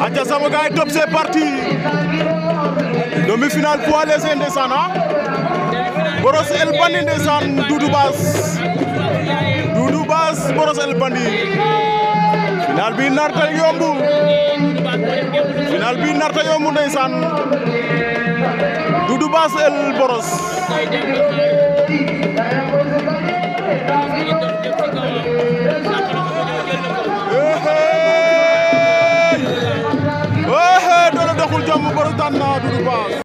aca sama gars yi top c'est parti demi-finale poids léger ndeysaan ah Brosse El Bandit ndeysaan Doudou Basse Doudou Basse Brosse El Bandit final bi narta yombu final bi narta yombu ndeysaan Doudou Basse El Brosse Bougul Diam mu bëri tànn Doudou Pass